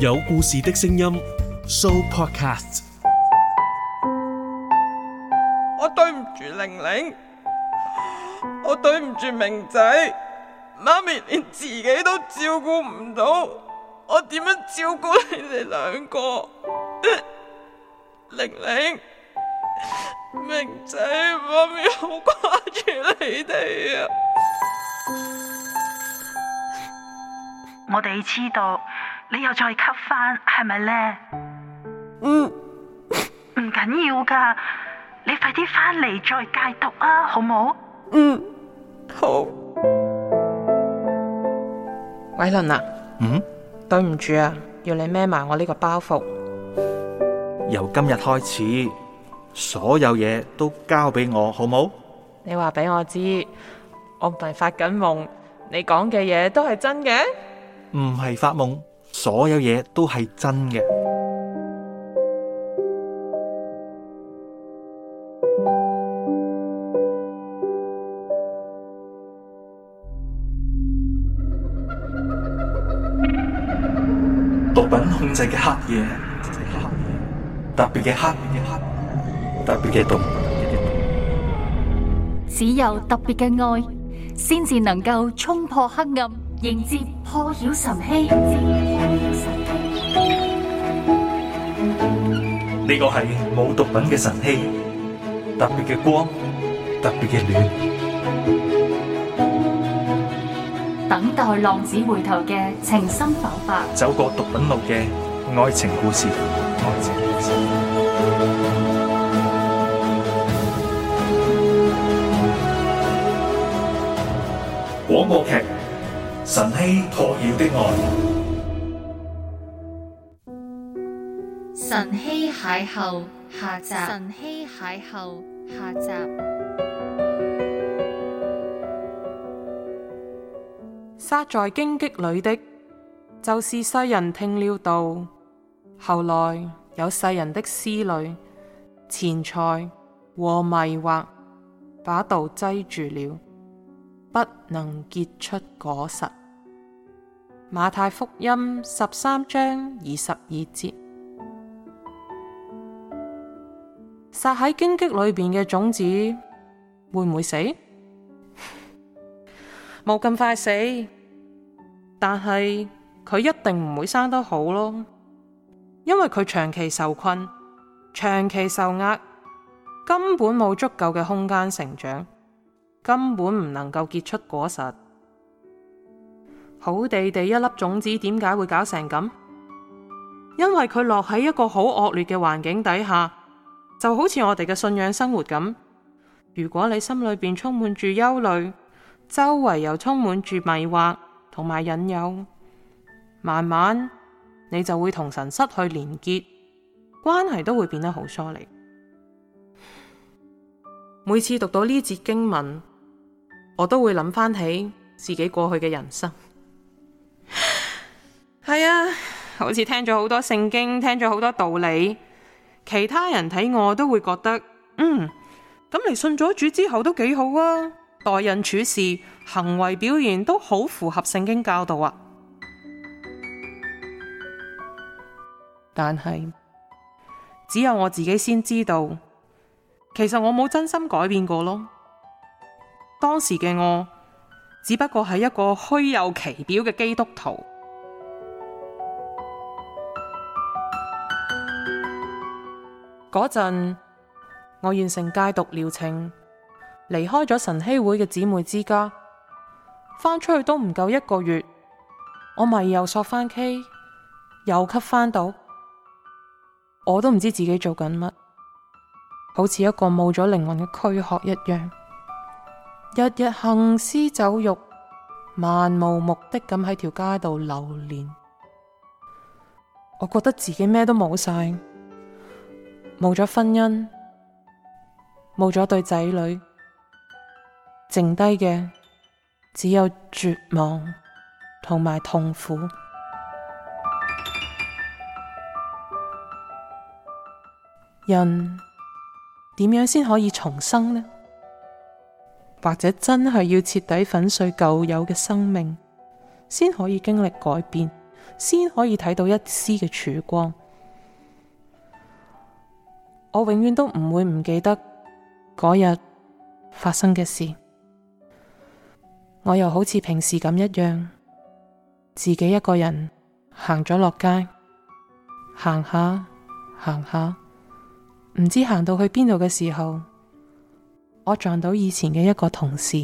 有故事的聲音 Show Podcast。我對唔住玲玲，我對唔住明仔，媽咪連自己都照顧唔到，我點樣照顧你哋兩個？玲玲、明仔，媽咪好掛住你哋啊！我哋知道。你又再吸翻，係咪咧？嗯，唔緊要噶，你快啲翻嚟再戒毒啊，好冇？嗯，好。偉倫啊，嗯，對唔住啊，要你孭埋我呢個包袱。由今日開始，所有嘢都交俾我，好冇？你話俾我知，我唔係發緊夢，你講嘅嘢都係真嘅，唔係發夢。所有嘢都係真嘅，毒品控制嘅黑夜，特別嘅黑夜，特別嘅毒，只有特別嘅愛，先至能夠衝破黑暗，迎接。破曉晨曦，呢個係冇毒品嘅晨曦，特別嘅光，特別嘅暖，等待浪子回頭嘅情深剖白，走過毒品路嘅愛情故事，愛情故事，廣播劇。神希托耀的愛，神希邂逅下集，神希邂逅下集。撒在荊棘裏的，就是世人聽了道，後來有世人的思慮、錢財和迷惑，把道擠住了，不能結出果實。馬太福音十三章二十二節：撒喺荊棘裏邊嘅種子會唔會死？冇 咁快死，但係佢一定唔會生得好咯，因為佢長期受困、長期受壓，根本冇足夠嘅空間成長。根本唔能夠結出果實，好地地一粒種子，點解會搞成咁？因為佢落喺一個好惡劣嘅環境底下，就好似我哋嘅信仰生活咁。如果你心裏邊充滿住憂慮，周圍又充滿住迷惑同埋引誘，慢慢你就會同神失去連結，關係都會變得好疏離。每次讀到呢節經文，我都會諗翻起自己過去嘅人生，係 啊，好似聽咗好多聖經，聽咗好多道理。其他人睇我都會覺得，嗯，咁你信咗主之後都幾好啊，待人處事、行為表現都好符合聖經教導啊。但係是只有我自己先知道，其實我冇真心改變過咯。當時嘅我只不過係一個虛有其表嘅基督徒。嗰陣 我完成戒毒療程，離開咗晨曦會嘅姊妹之家，翻出去都唔夠一個月，我咪又索翻 K，又吸翻到，我都唔知自己做緊乜，好似一個冇咗靈魂嘅軀殼一樣。日日行屍走肉，漫無目的咁喺條街度流連。我覺得自己咩都冇晒，冇咗婚姻，冇咗對仔女，剩低嘅只有絕望同埋痛苦。人點樣先可以重生呢？或者真係要徹底粉碎舊有嘅生命，先可以經歷改變，先可以睇到一絲嘅曙光。我永遠都唔會唔記得嗰日發生嘅事。我又好似平時咁一樣，自己一個人行咗落街，行下行下，唔知行到去邊度嘅時候。我撞到以前嘅一個同事。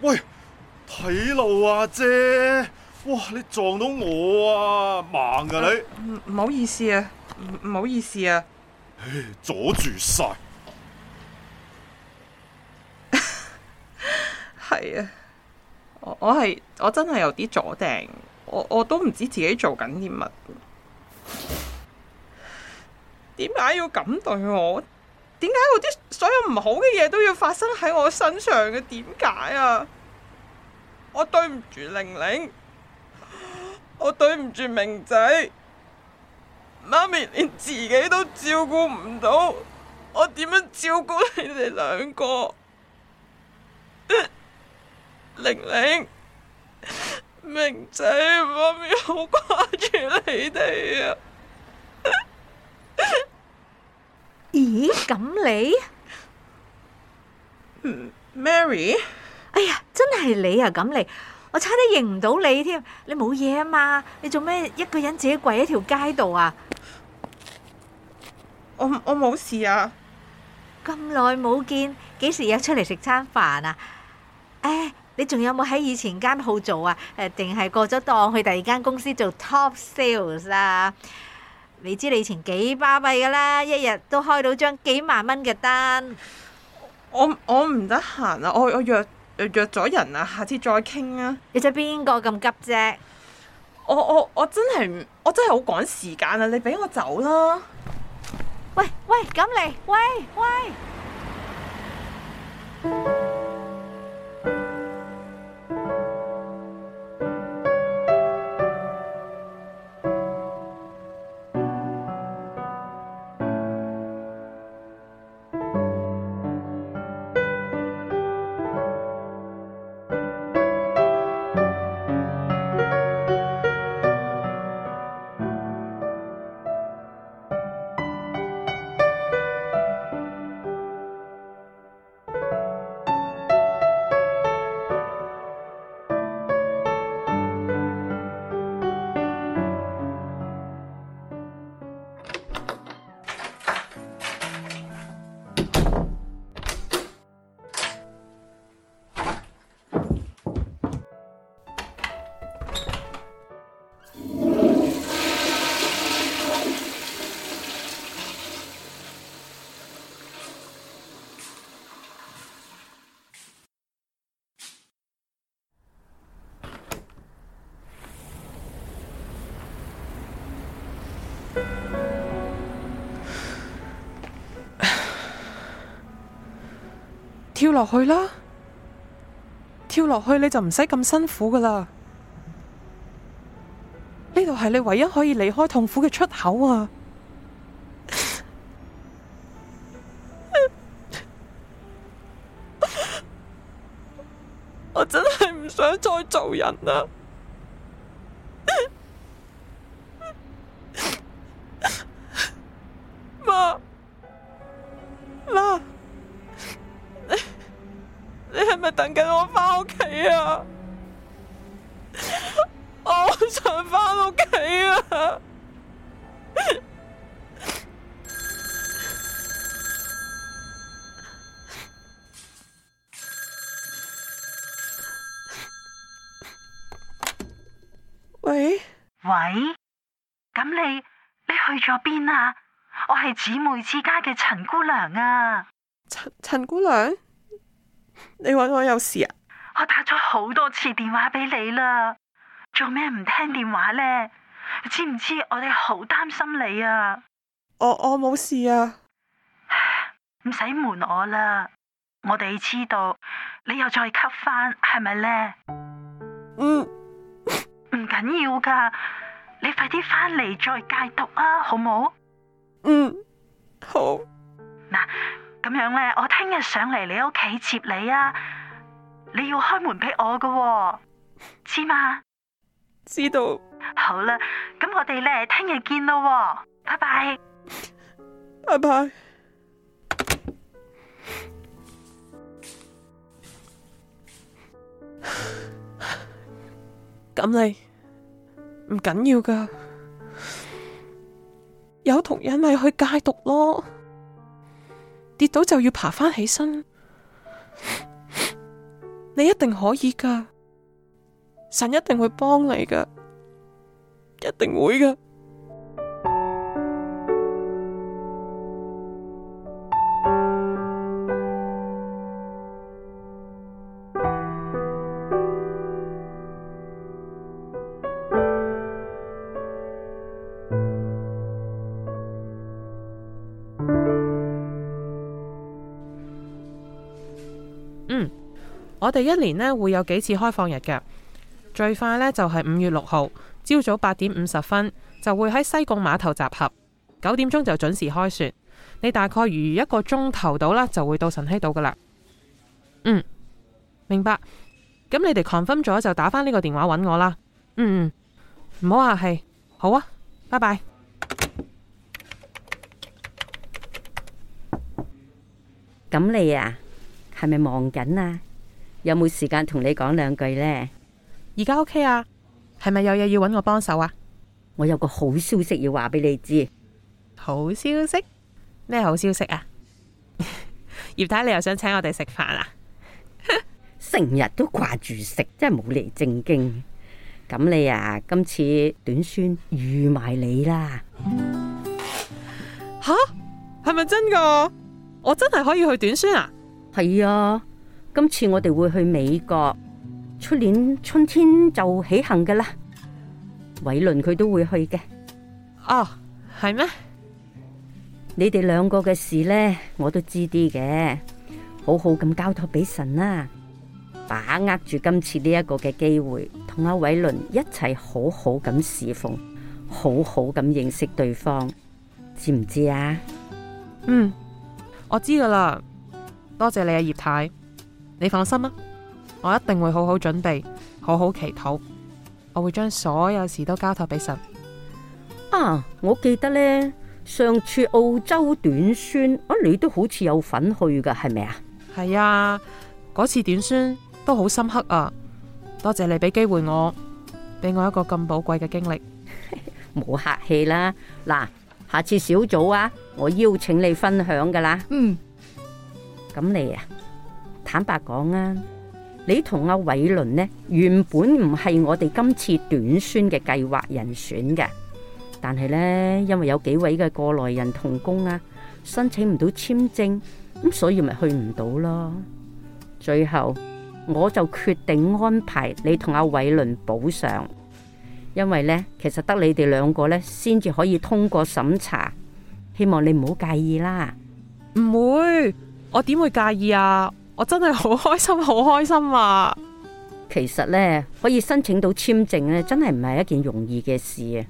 喂，睇路啊，姐！哇，你撞到我啊，盲㗎你！啊，呃，唔好意思啊，呃，唔好意思啊。唉，阻住晒。係 啊。我係我真係有啲阻滯，我我都唔知自己做緊啲乜，點解 要咁對我？點解我啲所有唔好嘅嘢都要發生喺我身上嘅？點解啊？我對唔住玲玲，我對唔住明仔，媽咪連自己都照顧唔到，我點樣照顧你哋兩個？ 玲玲，明仔媽咪好掛住你哋啊！ 咦？咁你、嗯、？Mary？哎呀，真係你啊！咁你，我差啲認唔到你添。你冇嘢啊嘛？你做咩一個人自己跪喺條街度啊？我我冇事啊！咁耐冇見，幾時約出嚟食餐飯啊？誒、哎！你仲有冇喺以前間鋪做啊？誒，定係過咗檔去第二間公司做 top sales 啊？你知你以前幾巴閉㗎啦，一日都開到張幾萬蚊嘅單。我我唔得閒啊，我我約約咗人啊，下次再傾啊。你著邊個咁急啫？我我我真係我真係好趕時間啊！你俾我走啦。喂喂，咁嚟，喂喂。跳落去啦，跳落去你就唔使咁辛苦噶啦。呢度係你唯一可以離開痛苦嘅出口啊！ 我真係唔想再做人啦。啊！我想返屋企啊！喂喂，咁你你去咗邊啊？我係姊妹之家嘅陳姑娘啊！陳，陳姑娘，你搵我有事啊？好多次電話俾你啦，做咩唔聽電話咧？知唔知我哋好擔心你啊？我我冇事啊，唔使瞞我啦。我哋知道你又再吸翻，係咪咧？嗯，唔緊要噶，你快啲翻嚟，再戒毒啊，好冇？嗯，好。嗱，咁樣咧，我聽日上嚟你屋企接你啊。你要開門俾我噶，知嗎？知道。知道好啦，咁我哋咧聽日見咯，哦，拜拜。拜拜。咁你唔緊要噶，有同人咪去戒毒咯，跌倒就要爬翻起身。你一定可以㗎，神一定會幫你㗎，一定會㗎。我哋一年呢會有幾次開放日嘅，最快呢就係五月六號，朝早八點五十分就會喺西貢碼頭集合，九點鐘就準時開船，你大概如一個鐘頭到啦，就會到晨曦島噶啦。嗯，明白。咁你哋 confirm 咗就打返呢個電話揾我啦。嗯，嗯，唔好客氣。好啊，拜拜。咁你啊，係咪忙緊啊？有冇時間同你講兩句呢？而家 OK 啊，係咪有嘢要揾我幫手啊？我有個好消息要話俾你知。好消息？咩好消息啊？葉 太，你又想請我哋食飯啊？成 日都掛住食，真係冇嚟正經。咁你啊，今次短宣預埋你啦。吓、啊，係咪真噶？我真係可以去短宣啊？係啊。今次我哋會去美國，出年春天就起行噶啦。偉倫佢都會去嘅。哦，係咩？你哋兩個嘅事呢，我都知啲嘅。好好咁交託俾神啦，把握住今次呢一個嘅機會，同阿偉倫一齊好好咁侍奉，好好咁認識對方，知唔知啊？嗯，我知噶啦。多謝你啊，葉太。你放心啊，我一定會好好準備，好好祈禱。我會將所有事都交託俾神。啊，我記得呢，上次澳洲短宣，啊你都好似有份去噶，係咪啊？係啊，嗰次短宣都好深刻啊！多謝你俾機會我，俾我一個咁寶貴嘅經歷。冇 客氣啦，嗱，下次小組啊，我邀請你分享噶啦。嗯，咁你啊？坦白講啊，你同阿偉倫呢，原本唔係我哋今次短宣嘅計劃人選嘅，但係呢，因為有幾位嘅過來人同工啊，申請唔到簽證咁，所以咪去唔到咯。最後我就決定安排你同阿偉倫補償，因為呢，其實得你哋兩個呢先至可以通過審查。希望你唔好介意啦，唔會，我點會介意啊？我真係好開心，好開心啊！其實呢，可以申請到簽證呢，真係唔係一件容易嘅事啊！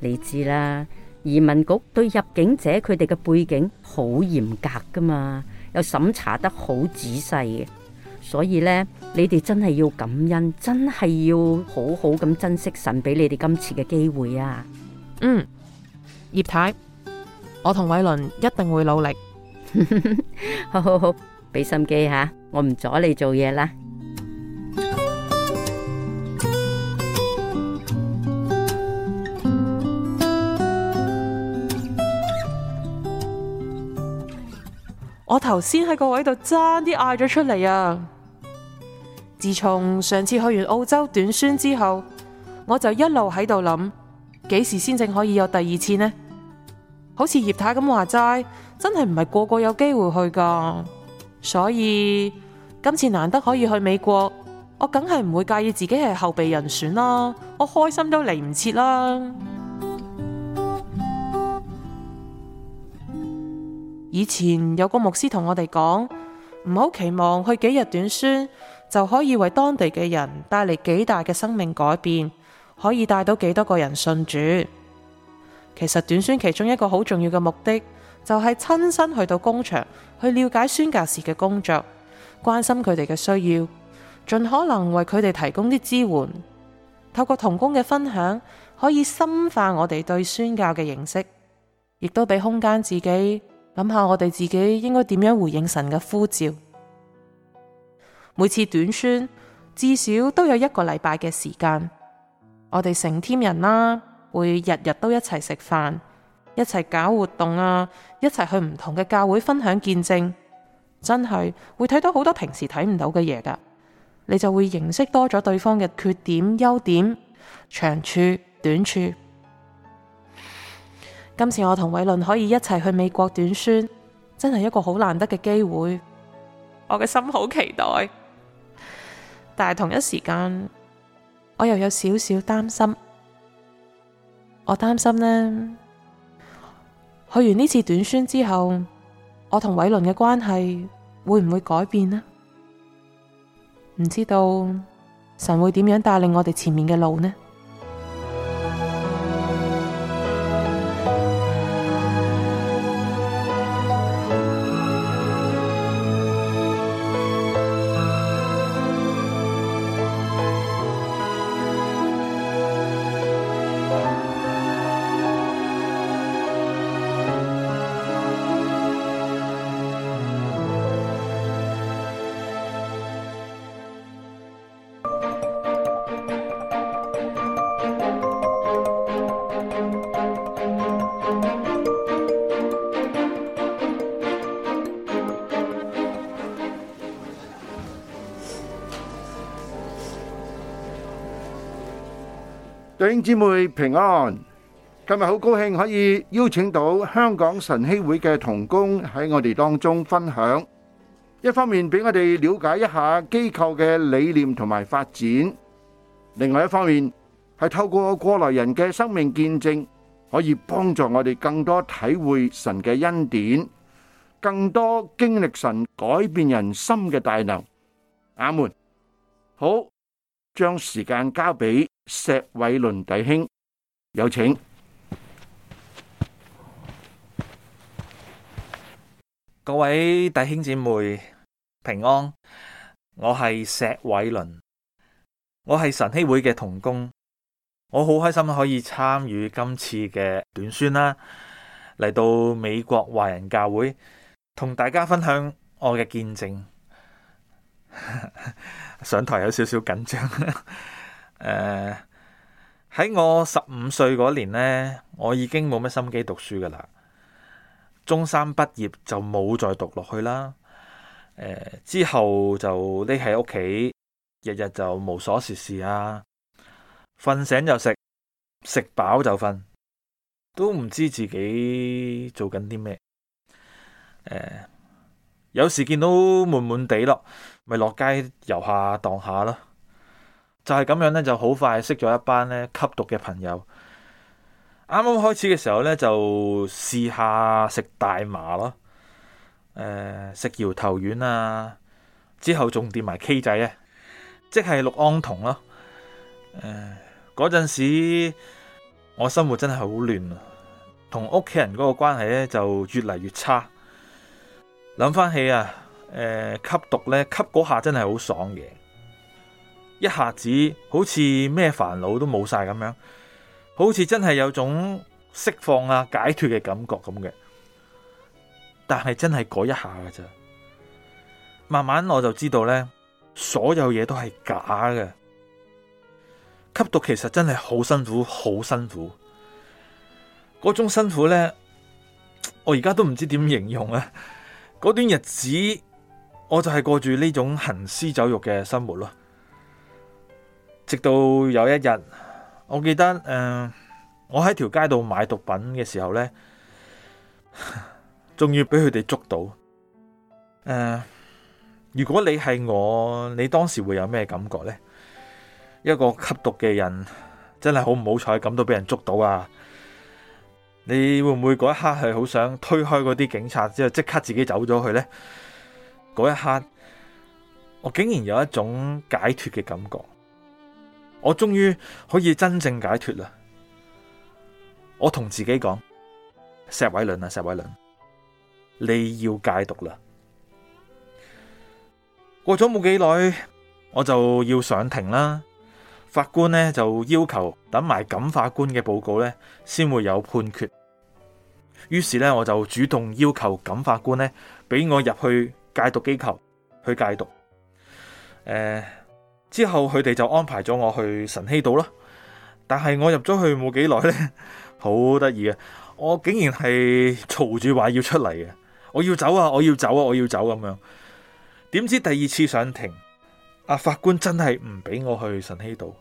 你知啦，移民局對入境者佢哋嘅背景好嚴格噶嘛，又審查得好仔細。所以呢，你哋真係要感恩，真係要好好咁珍惜神俾你哋今次嘅機會啊！嗯，葉太，我同偉倫一定會努力。好 好好。俾心機吓，我唔阻你做嘢啦。我頭先喺個位度爭啲嗌咗出嚟啊！自從上次去完澳洲短宣之後，我就一路喺度諗，幾時先正可以有第二次呢？好似葉太咁話齋，真係唔係個個有機會去噶。所以今次難得可以去美國，我梗係唔會介意自己係後備人選啦，我開心都嚟唔切啦。 以前有個牧師同我哋講，唔好期望去幾日短宣就可以為當地嘅人帶嚟幾大嘅生命改變，可以帶到幾多個人信主。其實短宣其中一個好重要嘅目的。就係親身去到工場，去了解宣教士嘅工作，關心佢哋嘅需要，盡可能為佢哋提供啲支援。透過同工嘅分享，可以深化我哋對宣教嘅認識，亦都俾空間自己諗下我哋自己應該點樣回應神嘅呼召。每次短宣至少都有一個禮拜嘅時間，我哋成天人啦，會日日都一齊食飯。一齊搞活動啊！一齊去唔同嘅教會分享見證，真係會睇到好多平時睇唔到嘅嘢噶。你就會認識多咗對方嘅缺點、優點、長處、短處。今次我同偉倫可以一齊去美國短宣，真係一個好難得嘅機會。我嘅心好期待，但係同一時間我又有少少擔心。我擔心呢？去完呢次短宣之後，我同偉倫嘅關係會唔會改變呢？唔知道神會點樣帶領我哋前面嘅路呢？弟兄姊妹平安，今日好高興可以邀請到香港神曦會嘅同工喺我哋當中分享，一方面俾我哋了解一下機構嘅理念同埋發展，另外一方面係透過過來人嘅生命見證，可以幫助我哋更多體會神嘅恩典，更多經歷神改變人心嘅大能。阿門。好，將時間交俾。石偉倫弟兄有請。各位弟兄姊妹平安，我係石偉倫，我係晨曦會嘅同工，我好開心可以參與今次嘅短宣啦，嚟到美國華人教會同大家分享我嘅見證， 上台有少少緊張。 誒、喺、uh, 我十五歲嗰年呢，我已經冇乜心機讀書噶啦。中三畢業就冇再讀落去啦。Uh, 之後就匿喺屋企，日日就無所事事啊，瞓醒就食，食飽就瞓，都唔知自己做緊啲咩。誒、uh, 有時見到悶悶地咯，咪落街遊下蕩下咯。就係咁樣咧，就好快識咗一班咧吸毒嘅朋友。啱啱開始嘅時候咧，就試下食大麻咯，誒食搖頭丸啊，之後仲掂埋 K 仔啊，即係氯胺酮咯。誒、呃，嗰陣時我生活真係好亂，同屋企人嗰個關係咧就越嚟越差。諗翻起啊，誒、呃，吸毒咧吸嗰下真係好爽嘅。一下子好似咩煩惱都冇晒咁樣，好似真係有種釋放啊解脫嘅感覺咁嘅。但係真係嗰一下噶咋，慢慢我就知道咧，所有嘢都係假嘅。吸毒其實真係好辛苦，好辛苦。嗰種辛苦咧，我而家都唔知點形容啊。 嗰段日子，我就係過住呢種行屍走肉嘅生活咯。直到有一日，我記得誒、呃，我喺條街度買毒品嘅時候呢，終於俾佢哋捉到。誒、呃，如果你係我，你當時會有咩感覺呢？一個吸毒嘅人真係好唔好彩，咁都俾人捉到啊！你會唔會嗰一刻係好想推開嗰啲警察，之後即刻自己走咗去呢？嗰一刻，我竟然有一種解脱嘅感覺。我終於可以真正解脱啦！我同自己講：石偉倫啊，石偉倫，你要戒毒啦！過咗冇幾耐，我就要上庭啦。法官呢就要求等埋感化官嘅報告呢，先會有判決。於是呢，我就主動要求感化官呢，俾我入去戒毒機構去戒毒。誒。之後佢哋就安排咗我去晨曦島啦，但係我入咗去冇幾耐呢，好得意啊！我竟然係嘈住話要出嚟嘅，我要走啊，我要走啊，我要走咁、啊、樣。點知第二次上庭，法官真係唔俾我去晨曦島，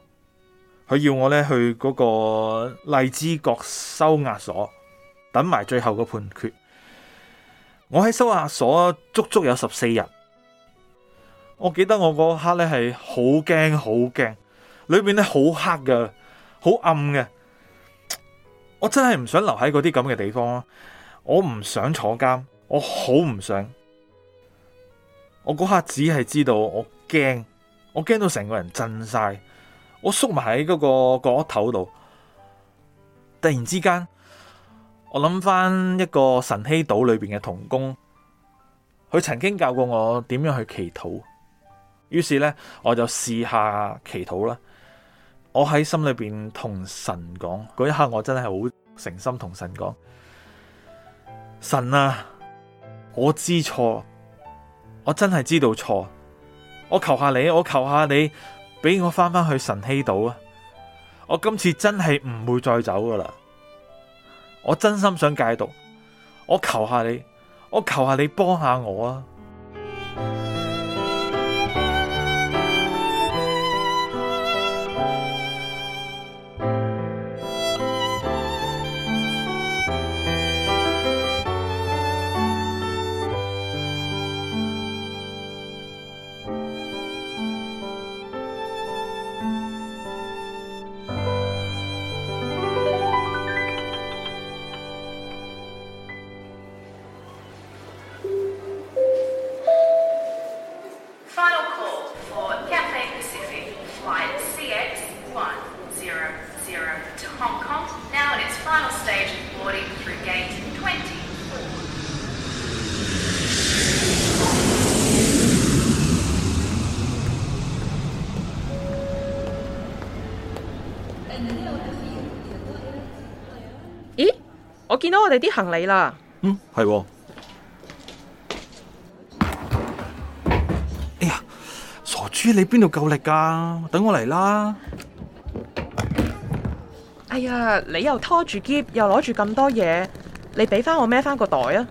佢要我呢去嗰個荔枝角收押所等埋最後嘅判決。我喺收押所足足有十四日。我記得我嗰刻咧係好驚好驚，裏邊咧好黑嘅，好暗嘅。我真係唔想留喺嗰啲咁嘅地方咯，我唔想坐監，我好唔想。我嗰刻只係知道我驚，我驚到成個人震晒，我縮埋喺嗰個角落頭度。突然之間，我諗翻一個晨曦島裏邊嘅童工，佢曾經教過我點樣去祈禱。於是咧，我就試下祈禱啦。我喺心裏邊同神講，嗰一刻我真係好誠心同神講：神啊，我知錯，我真係知道錯。我求下你，我求下你，俾我翻返去晨曦島啊！我今次真係唔會再走噶啦，我真心想戒毒。我求下你，我求下你幫下我啊！見到我哋啲行李啦。嗯，係。哎呀，傻豬，你邊度夠力㗎？等我嚟啦。哎呀，你又拖住喼，又攞住咁多嘢，你俾翻我孭翻個袋啊！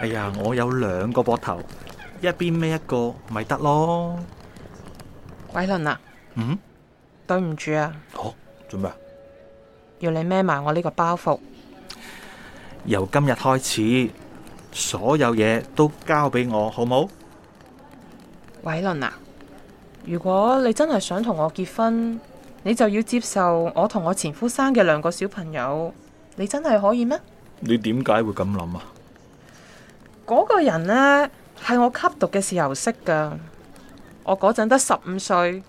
哎呀，我有兩個膊頭，一邊孭一個咪得咯。偉倫啊，嗯，對唔住啊。好，哦，做咩啊？要你孭埋我呢個包袱。由今日開始，所有嘢都交俾我，好冇？偉倫啊，如果你真係想同我結婚，你就要接受我同我前夫生嘅兩個小朋友。你真係可以咩？你點解會咁諗啊？嗰個人呢係我吸毒嘅時候識噶，我嗰陣得十五歲，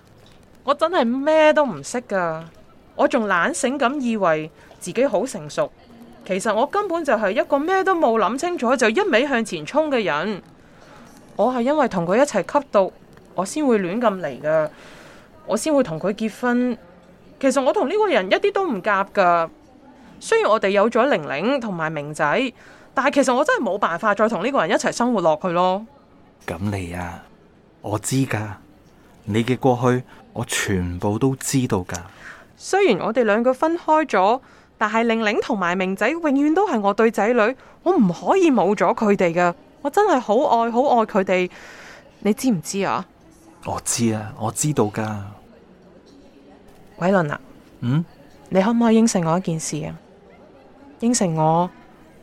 我真係咩都唔識噶，我仲懶醒咁以為自己好成熟。其實我根本就係一個咩都冇諗清楚就一味向前衝嘅人。我係因為同佢一齊吸毒，我先會亂咁嚟噶，我先會同佢結婚。其實我同呢個人一啲都唔夾噶。雖然我哋有咗玲玲同埋明仔，但係其實我真係冇辦法再同呢個人一齊生活落去咯。咁你呀，啊？我知噶，你嘅過去我全部都知道噶。雖然我哋兩個分開咗。但係玲玲同埋明仔永遠都係我對仔女，我唔可以冇咗佢哋噶，我真係好愛好愛佢哋，你知唔知啊？我知啊，我知道噶。偉倫啊，嗯，你可唔可以應承我一件事啊？應承我，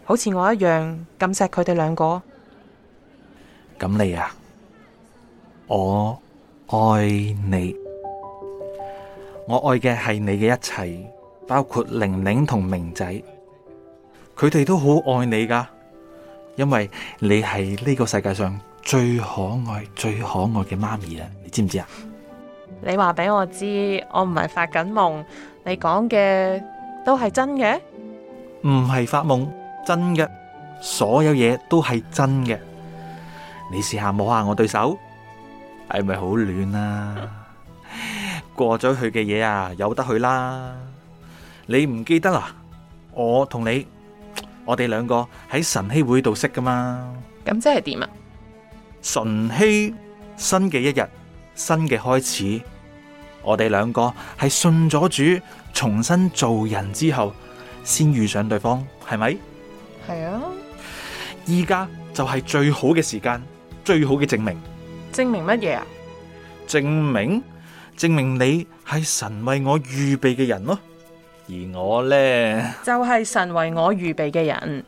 好似我一樣咁錫佢哋兩個。咁你啊，我愛你，我愛嘅係你嘅一切。包括玲玲同明仔，佢哋都好愛你噶，因為你係呢個世界上最可愛、最可愛嘅媽咪啦，你知唔知啊？你話俾我知，我唔係發緊夢，你講嘅都係真嘅？唔係發夢，真嘅，所有嘢都係真嘅。你試下摸下我對手，係咪好暖啊？過咗去嘅嘢啊，由得佢啦。你唔記得啦？我同你，我哋兩個喺晨曦會度識噶嘛？咁即係點啊？晨曦新嘅一日，新嘅開始，我哋兩個係信咗主，重新做人之後先遇上對方，係咪？係啊，依家就係最好嘅時間，最好嘅證明。證明乜嘢啊？證明，證明你係神為我預備嘅人咯。而我呢，就係神為我預備嘅人。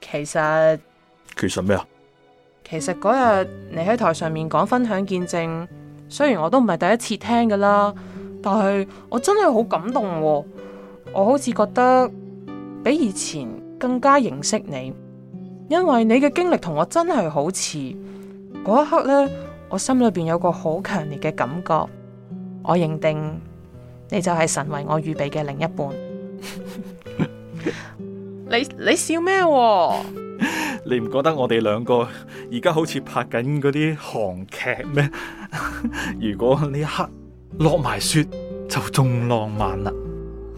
其實，其實咩啊？其實嗰日你喺台上面講分享見證，雖然我都唔係第一次聽噶啦，但係我真係好感動喎。我好似覺得比以前更加認識你，因為你嘅經歷同我真係好似。嗰一刻呢，我心裏邊有個好強烈嘅感覺，我認定。你就係神為我預備嘅另一半。 你，你笑、啊、你笑咩？你唔覺得我哋兩個而家好似拍緊嗰啲韓劇咩？ 如果呢一刻落埋雪，就仲浪漫啦！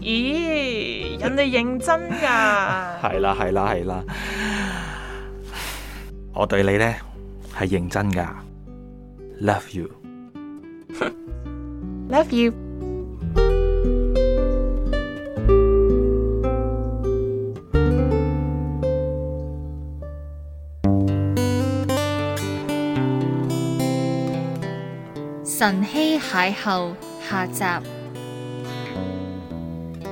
咦，人哋認真噶？係啦係啦係啦，我對你咧係認真噶，love you，love you。 晨曦邂逅下集，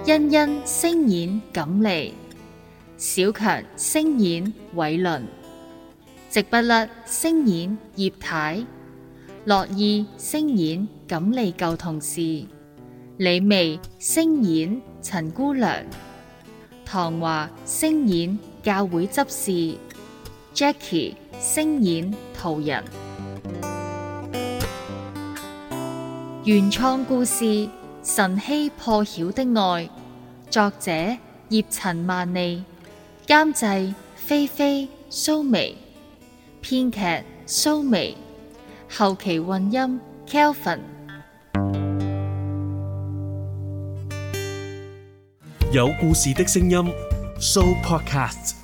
欣欣聲演錦麗，小強聲演偉倫，直不甩聲演葉太，樂意聲演錦麗舊同事，李薇聲演陳姑娘，唐華聲演教會執事，Jackie 聲演途人。原創故事《晨曦破曉的愛》，作者葉陳萬妮，監製菲菲蘇眉，編劇蘇眉，後期混音 Kelvin，有故事的聲音 Show Podcast。